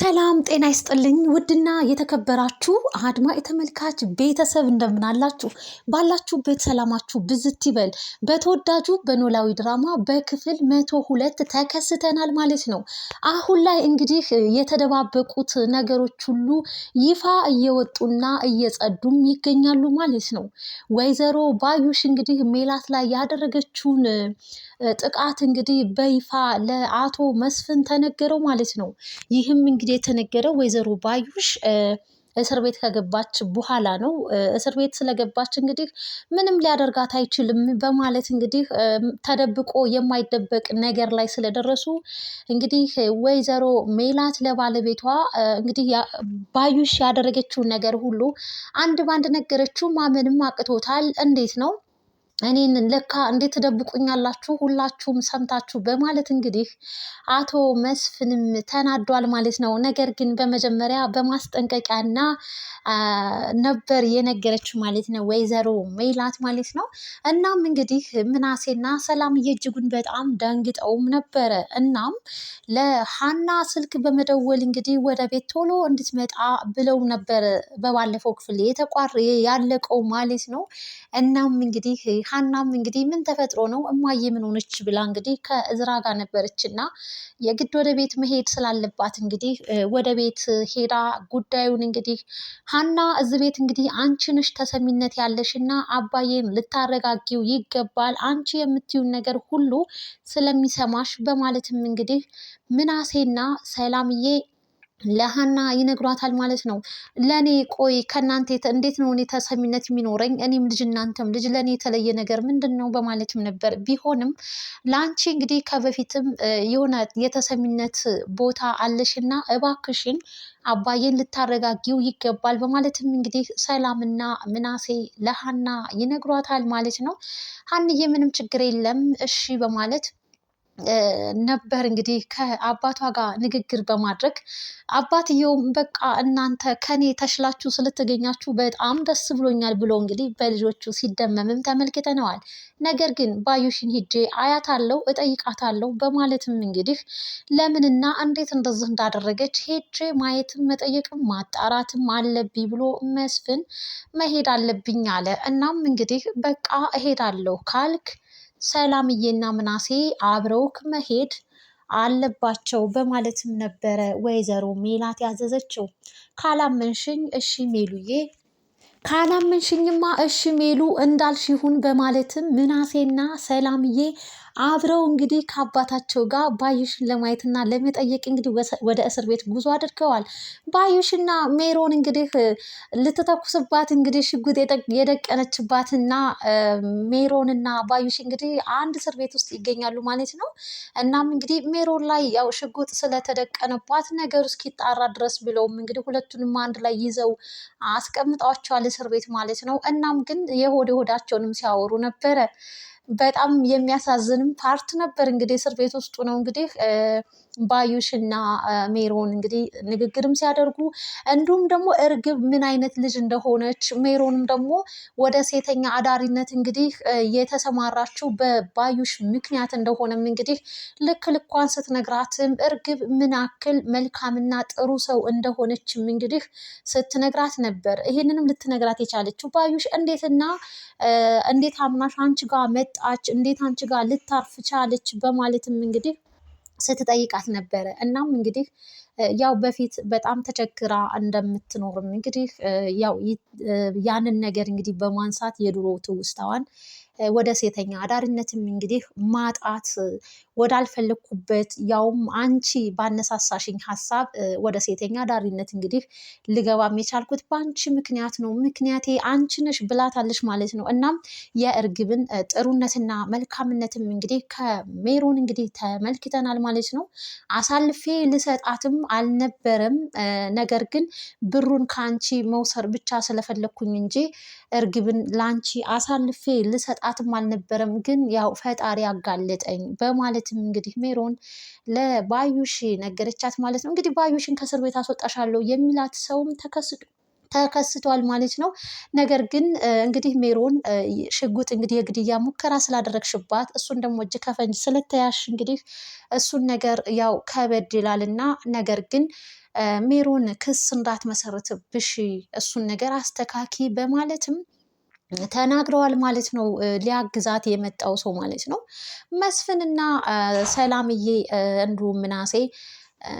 ሰላም ጤና ይስጥልኝ። ውድና የተከበራችሁ አድማ የተመልካች ቤተሰብ እንደምናላችሁ ባላችሁበት ሰላማችሁ ብዝት ይበል። በተወዳጁ በኖላዊ ድራማ በክፍል መቶ ሁለት ተከስተናል ማለት ነው። አሁን ላይ እንግዲህ የተደባበቁት ነገሮች ሁሉ ይፋ እየወጡና እየጸዱም ይገኛሉ ማለት ነው። ወይዘሮ ባዩሽ እንግዲህ ሜላት ላይ ያደረገችውን ጥቃት እንግዲህ በይፋ ለአቶ መስፍን ተነገረው ማለት ነው። ይህም እንግዲህ እንግዲህ የተነገረው ወይዘሮ ባዩሽ እስር ቤት ከገባች በኋላ ነው። እስር ቤት ስለገባች እንግዲህ ምንም ሊያደርጋት አይችልም በማለት እንግዲህ ተደብቆ የማይደበቅ ነገር ላይ ስለደረሱ እንግዲህ ወይዘሮ ሜላት ለባለቤቷ እንግዲህ ባዩሽ ያደረገችውን ነገር ሁሉ አንድ ባንድ ነገረችው። ማመንም አቅቶታል። እንዴት ነው እኔን ለካ እንዴት ትደብቁኛላችሁ ሁላችሁም ሰምታችሁ በማለት እንግዲህ አቶ መስፍንም ተናዷል ማለት ነው። ነገር ግን በመጀመሪያ በማስጠንቀቂያና ነበር የነገረችው ማለት ነው ወይዘሮ ሜላት ማለት ነው። እናም እንግዲህ ምናሴና ሰላም እየእጅጉን በጣም ደንግጠውም ነበረ። እናም ለሀና ስልክ በመደወል እንግዲህ ወደ ቤት ቶሎ እንድትመጣ ብለው ነበር በባለፈው ክፍል የተቋር ያለቀው ማለት ነው። እናም እንግዲህ ሀናም እንግዲህ ምን ተፈጥሮ ነው እማዬ ምን ሆነች ብላ እንግዲህ ከእዝራ ጋር ነበረች እና የግድ ወደ ቤት መሄድ ስላለባት እንግዲህ ወደ ቤት ሄዳ ጉዳዩን እንግዲህ ሀና እዚ ቤት እንግዲህ አንቺንሽ ተሰሚነት ያለሽ እና አባዬን ልታረጋጊው ይገባል አንቺ የምትዩን ነገር ሁሉ ስለሚሰማሽ በማለትም እንግዲህ ምናሴና ሰላምዬ ለሀና ይነግሯታል ማለት ነው። ለእኔ ቆይ ከእናንተ እንዴት ነው እኔ ተሰሚነት የሚኖረኝ? እኔም ልጅ እናንተም ልጅ ለእኔ የተለየ ነገር ምንድን ነው በማለትም ነበር። ቢሆንም ለአንቺ እንግዲህ ከበፊትም የሆነ የተሰሚነት ቦታ አለሽና እባክሽን አባዬን ልታረጋጊው ይገባል በማለትም እንግዲህ ሰላምና ምናሴ ለሀና ይነግሯታል ማለት ነው። ሀንዬ ምንም ችግር የለም እሺ በማለት ነበር እንግዲህ ከአባቷ ጋር ንግግር በማድረግ አባትየውም በቃ እናንተ ከኔ ተሽላችሁ ስለተገኛችሁ በጣም ደስ ብሎኛል ብሎ እንግዲህ በልጆቹ ሲደመምም ተመልክተነዋል። ነገር ግን ባዩሽን ሂጄ አያታለሁ፣ እጠይቃታለሁ በማለትም እንግዲህ ለምንና እንዴት እንደዚህ እንዳደረገች ሄጄ ማየትም መጠየቅም ማጣራትም አለብኝ ብሎ መስፍን መሄድ አለብኝ አለ። እናም እንግዲህ በቃ እሄዳለሁ ካልክ ሰላምዬና ምናሴ አብረውክ መሄድ አለባቸው በማለትም ነበረ ወይዘሮ ሜላት ያዘዘችው። ካላመንሽኝ እሺ ሜሉዬ ካላመንሽኝማ እሺ ሜሉ እንዳልሽ ይሁን በማለትም ምናሴና ሰላምዬ አብረው እንግዲህ ከአባታቸው ጋር ባዩሽን ለማየትና ለመጠየቅ እንግዲህ ወደ እስር ቤት ጉዞ አድርገዋል። ባዩሽና ሜሮን እንግዲህ ልትተኩስባት እንግዲህ ሽጉጥ የደቀነችባትና ሜሮንና ባዩሽ እንግዲህ አንድ እስር ቤት ውስጥ ይገኛሉ ማለት ነው። እናም እንግዲህ ሜሮን ላይ ያው ሽጉጥ ስለተደቀነባት ነገሩ እስኪጣራ ድረስ ብለውም እንግዲህ ሁለቱንም አንድ ላይ ይዘው አስቀምጠዋቸዋል እስር ቤት ማለት ነው። እናም ግን የሆድ ሆዳቸውንም ሲያወሩ ነበረ። በጣም የሚያሳዝንም ፓርት ነበር። እንግዲህ እስር ቤት ውስጡ ነው እንግዲህ እና ሜሮን እንግዲህ ንግግርም ሲያደርጉ እንዲሁም ደግሞ እርግብ ምን አይነት ልጅ እንደሆነች ሜሮንም ደግሞ ወደ ሴተኛ አዳሪነት እንግዲህ የተሰማራችው በባዩሽ ምክንያት እንደሆነም እንግዲህ ልክ ልኳን ስትነግራትም እርግብ ምን አክል መልካምና ጥሩ ሰው እንደሆነችም እንግዲህ ስትነግራት ነበር። ይህንንም ልትነግራት የቻለችው ባዩሽ እንዴትና እንዴት አምናሽ አንቺ ጋር መጣች፣ እንዴት አንቺ ጋር ልታርፍ ቻለች በማለትም እንግዲህ ስትጠይቃት ነበረ። እናም እንግዲህ ያው በፊት በጣም ተቸግራ እንደምትኖርም እንግዲህ ያው ያንን ነገር እንግዲህ በማንሳት የድሮ ትውስታዋን ወደ ሴተኛ አዳሪነትም እንግዲህ ማጣት ወዳልፈለግኩበት ያውም አንቺ ባነሳሳሽኝ ሀሳብ ወደ ሴተኛ ዳሪነት እንግዲህ ልገባም የቻልኩት በአንቺ ምክንያት ነው፣ ምክንያቴ አንቺ ነሽ ብላታለች ማለት ነው። እናም የእርግብን ጥሩነትና መልካምነትም እንግዲህ ከሜሮን እንግዲህ ተመልክተናል ማለት ነው። አሳልፌ ልሰጣትም አልነበረም፣ ነገር ግን ብሩን ከአንቺ መውሰር ብቻ ስለፈለግኩኝ እንጂ እርግብን ለአንቺ አሳልፌ ልሰጣትም አልነበረም፣ ግን ያው ፈጣሪ አጋለጠኝ በማለት በማለትም እንግዲህ ሜሮን ለባዩሽ ነገረቻት ማለት ነው። እንግዲህ ባዩሽን ከእስር ቤት አስወጣሻለሁ የሚላት ሰውም ተከስቶ ተከስቷል ማለት ነው። ነገር ግን እንግዲህ ሜሮን ሽጉጥ እንግዲህ የግድያ ሙከራ ስላደረግሽባት እሱን ደግሞ እጅ ከፈንጅ ስለተያሽ እንግዲህ እሱን ነገር ያው ከበድ ይላል እና ነገር ግን ሜሮን ክስ እንዳትመሰርትብሽ እሱን ነገር አስተካኪ በማለትም ተናግረዋል ማለት ነው። ሊያግዛት የመጣው ሰው ማለት ነው። መስፍንና ሰላምዬ እንዲሁም ምናሴ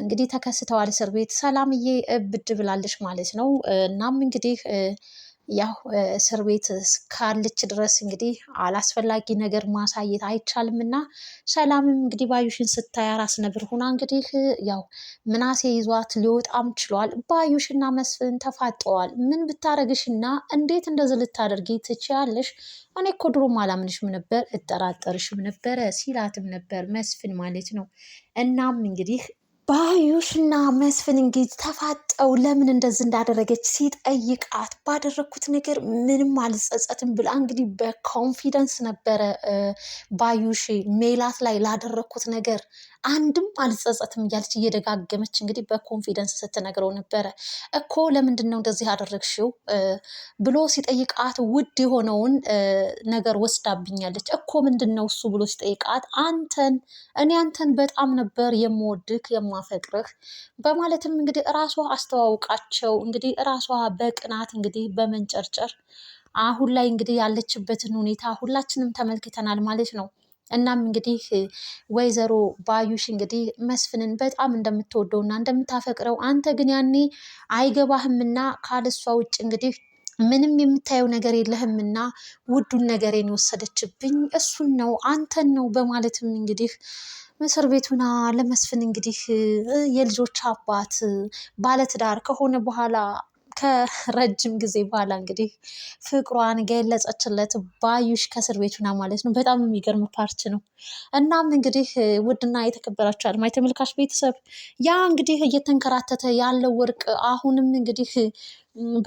እንግዲህ ተከስተዋል እስር ቤት። ሰላምዬ እብድ ብላለች ማለት ነው። እናም እንግዲህ ያው እስር ቤት እስካለች ድረስ እንግዲህ አላስፈላጊ ነገር ማሳየት አይቻልም እና ሰላምም እንግዲህ ባዩሽን ስታይ አራስ ነብር ሁና እንግዲህ ያው ምናሴ ይዟት ሊወጣም ችሏል። ባዩሽና መስፍን ተፋጠዋል። ምን ብታረግሽና እንዴት እንደዚህ ልታደርጊ ትችያለሽ? እኔ እኮ ድሮም አላምንሽም ነበር እጠራጠርሽም ነበረ ሲላትም ነበር መስፍን ማለት ነው። እናም እንግዲህ ባዩሽና መስፍን እንግዲህ ተፋጠው ለምን እንደዚህ እንዳደረገች ሲጠይቃት ባደረግኩት ነገር ምንም አልጸጸትም ብላ እንግዲህ በኮንፊደንስ ነበረ ባዩሽ ሜላት ላይ ላደረግኩት ነገር አንድም አልጸጸትም እያለች እየደጋገመች እንግዲህ በኮንፊደንስ ስትነግረው ነበረ። እኮ ለምንድን ነው እንደዚህ አደረግሽው ብሎ ሲጠይቃት ውድ የሆነውን ነገር ወስዳብኛለች እኮ ምንድን ነው እሱ ብሎ ሲጠይቃት አንተን እኔ አንተን በጣም ነበር የምወድክ የማፈቅርህ በማለትም እንግዲህ እራሷ አስተዋውቃቸው እንግዲህ እራሷ በቅናት እንግዲህ በመንጨርጨር አሁን ላይ እንግዲህ ያለችበትን ሁኔታ ሁላችንም ተመልክተናል ማለት ነው። እናም እንግዲህ ወይዘሮ ባዩሽ እንግዲህ መስፍንን በጣም እንደምትወደው እና እንደምታፈቅረው አንተ ግን ያኔ አይገባህም እና ካለሷ ውጭ እንግዲህ ምንም የምታየው ነገር የለህም እና ውዱን ነገሬን የወሰደችብኝ እሱን ነው አንተን ነው በማለትም እንግዲህ እስር ቤቱና ለመስፍን እንግዲህ የልጆች አባት ባለትዳር ከሆነ በኋላ ከረጅም ጊዜ በኋላ እንግዲህ ፍቅሯን ገለጸችለት ባዩሽ ከእስር ቤት ሆና ማለት ነው። በጣም የሚገርም ፓርት ነው። እናም እንግዲህ ውድና የተከበራችሁ አድማጭ ተመልካች ቤተሰብ ያ እንግዲህ እየተንከራተተ ያለው ወርቅ አሁንም እንግዲህ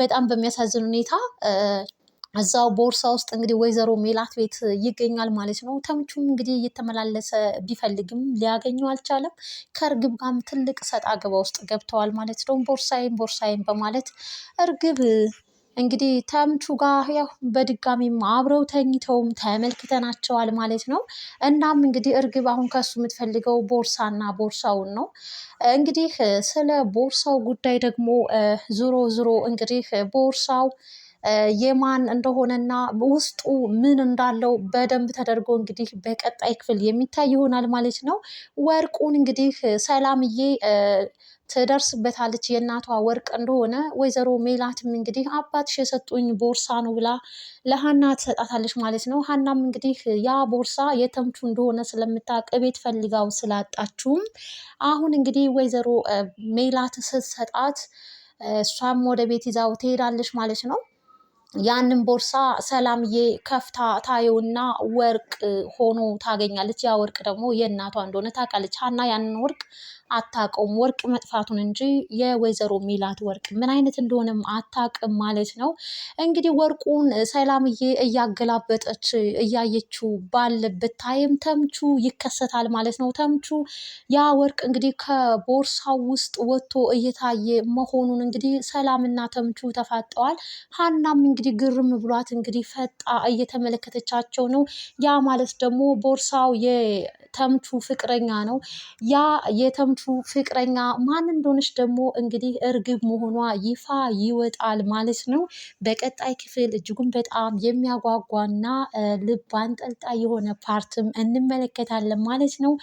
በጣም በሚያሳዝን ሁኔታ እዛው ቦርሳ ውስጥ እንግዲህ ወይዘሮ ሜላት ቤት ይገኛል ማለት ነው። ተምቹም እንግዲህ እየተመላለሰ ቢፈልግም ሊያገኘው አልቻለም። ከእርግብ ጋርም ትልቅ ሰጥ አገባ ውስጥ ገብተዋል ማለት ነው። ቦርሳዬን ቦርሳዬን በማለት እርግብ እንግዲህ ተምቹ ጋር ያው በድጋሚም አብረው ተኝተውም ተመልክተናቸዋል ማለት ነው። እናም እንግዲህ እርግብ አሁን ከሱ የምትፈልገው ቦርሳና ቦርሳውን ነው። እንግዲህ ስለ ቦርሳው ጉዳይ ደግሞ ዞሮ ዞሮ እንግዲህ ቦርሳው የማን እንደሆነና ውስጡ ምን እንዳለው በደንብ ተደርጎ እንግዲህ በቀጣይ ክፍል የሚታይ ይሆናል ማለት ነው። ወርቁን እንግዲህ ሰላምዬ ትደርስበታለች የእናቷ ወርቅ እንደሆነ ወይዘሮ ሜላትም እንግዲህ አባትሽ የሰጡኝ ቦርሳ ነው ብላ ለሀና ትሰጣታለች ማለት ነው። ሀናም እንግዲህ ያ ቦርሳ የተምቹ እንደሆነ ስለምታውቅ ቤት ፈልጋው ስላጣችውም አሁን እንግዲህ ወይዘሮ ሜላት ስትሰጣት እሷም ወደ ቤት ይዛው ትሄዳለች ማለት ነው። ያንን ቦርሳ ሰላምዬ ከፍታ ታየውና ወርቅ ሆኖ ታገኛለች። ያ ወርቅ ደግሞ የእናቷ እንደሆነ ታውቃለች። ሀና ያንን ወርቅ አታውቀውም። ወርቅ መጥፋቱን እንጂ የወይዘሮ ሚላት ወርቅ ምን አይነት እንደሆነም አታውቅም ማለት ነው። እንግዲህ ወርቁን ሰላምዬ እያገላበጠች እያየችው ባለበት ታይም ተምቹ ይከሰታል ማለት ነው። ተምቹ ያ ወርቅ እንግዲህ ከቦርሳው ውስጥ ወጥቶ እየታየ መሆኑን እንግዲህ ሰላምና ተምቹ ተፋጠዋል። ሀናም እንግዲህ እንግዲህ ግርም ብሏት እንግዲህ ፈጣ እየተመለከተቻቸው ነው። ያ ማለት ደግሞ ቦርሳው የተምቹ ፍቅረኛ ነው። ያ የተምቹ ፍቅረኛ ማን እንደሆነች ደግሞ እንግዲህ እርግብ መሆኗ ይፋ ይወጣል ማለት ነው። በቀጣይ ክፍል እጅጉን በጣም የሚያጓጓና ልብ አንጠልጣይ የሆነ ፓርትም እንመለከታለን ማለት ነው።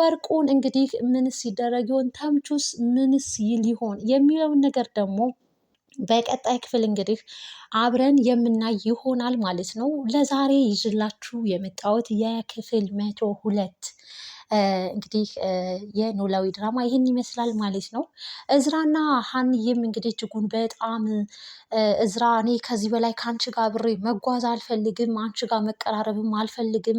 ወርቁን እንግዲህ ምንስ ይደረግ ይሆን? ተምቹስ ምንስ ይል ይሆን የሚለውን ነገር ደግሞ በቀጣይ ክፍል እንግዲህ አብረን የምናይ ይሆናል ማለት ነው። ለዛሬ ይዤላችሁ የመጣሁት የክፍል መቶ ሁለት እንግዲህ የኖላዊ ድራማ ይህን ይመስላል ማለት ነው። እዝራና ሀንዬም እንግዲህ እጅጉን በጣም እዝራ እኔ ከዚህ በላይ ከአንቺ ጋር አብሬ መጓዝ አልፈልግም፣ አንቺ ጋር መቀራረብም አልፈልግም፣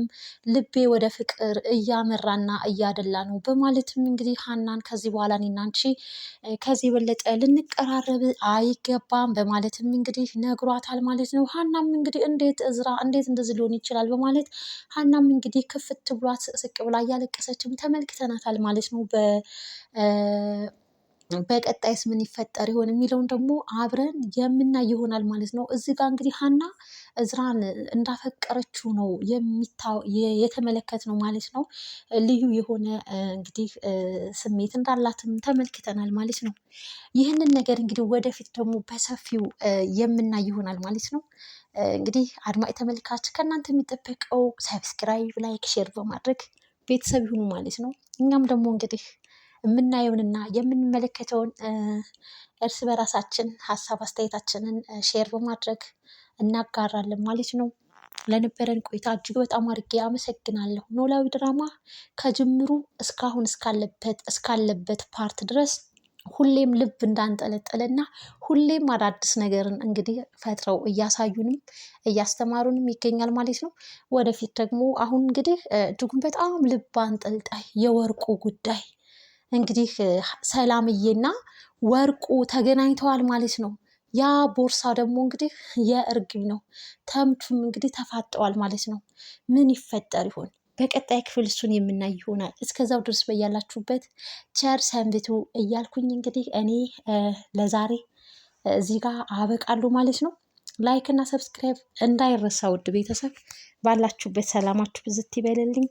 ልቤ ወደ ፍቅር እያመራና እያደላ ነው በማለትም እንግዲህ ሀናን ከዚህ በኋላ እኔና አንቺ ከዚህ የበለጠ ልንቀራረብ አይገባም በማለትም እንግዲህ ነግሯታል ማለት ነው። ሀናም እንግዲህ እንዴት እዝራ እንዴት እንደዚህ ሊሆን ይችላል በማለት ሀናም እንግዲህ ክፍት ብሏት ስቅ ብላ እያለቀ እንዳለቀሰችም ተመልክተናታል ማለት ነው። በቀጣይስ ምን ይፈጠር ይሆን የሚለውን ደግሞ አብረን የምናይ ይሆናል ማለት ነው። እዚህ ጋር እንግዲህ ሀና እዝራን እንዳፈቀረችው ነው የተመለከት ነው ማለት ነው። ልዩ የሆነ እንግዲህ ስሜት እንዳላትም ተመልክተናል ማለት ነው። ይህንን ነገር እንግዲህ ወደፊት ደግሞ በሰፊው የምናይ ይሆናል ማለት ነው። እንግዲህ አድማጭ ተመልካች ከእናንተ የሚጠበቀው ሰብስክራይብ፣ ላይክ፣ ሼር በማድረግ ቤተሰብ ይሁኑ ማለት ነው። እኛም ደግሞ እንግዲህ የምናየውንና የምንመለከተውን እርስ በራሳችን ሀሳብ አስተያየታችንን ሼር በማድረግ እናጋራለን ማለት ነው። ለነበረን ቆይታ እጅግ በጣም አድርጌ አመሰግናለሁ። ኖላዊ ድራማ ከጅምሩ እስካሁን እስካለበት እስካለበት ፓርት ድረስ ሁሌም ልብ እንዳንጠለጠለና ሁሌም አዳዲስ ነገርን እንግዲህ ፈጥረው እያሳዩንም እያስተማሩንም ይገኛል ማለት ነው። ወደፊት ደግሞ አሁን እንግዲህ እጅጉን በጣም ልብ አንጠልጣይ የወርቁ ጉዳይ እንግዲህ ሰላምዬና ወርቁ ተገናኝተዋል ማለት ነው። ያ ቦርሳ ደግሞ እንግዲህ የእርግብ ነው። ተምቹም እንግዲህ ተፋጠዋል ማለት ነው። ምን ይፈጠር ይሆን? በቀጣይ ክፍል እሱን የምናይ ይሆናል። እስከዛው ድረስ በያላችሁበት ቸር ሰንብቱ እያልኩኝ እንግዲህ እኔ ለዛሬ እዚህ ጋር አበቃሉ ማለት ነው። ላይክ እና ሰብስክራይብ እንዳይረሳ ውድ ቤተሰብ። ባላችሁበት ሰላማችሁ ብዝት ይበልልኝ።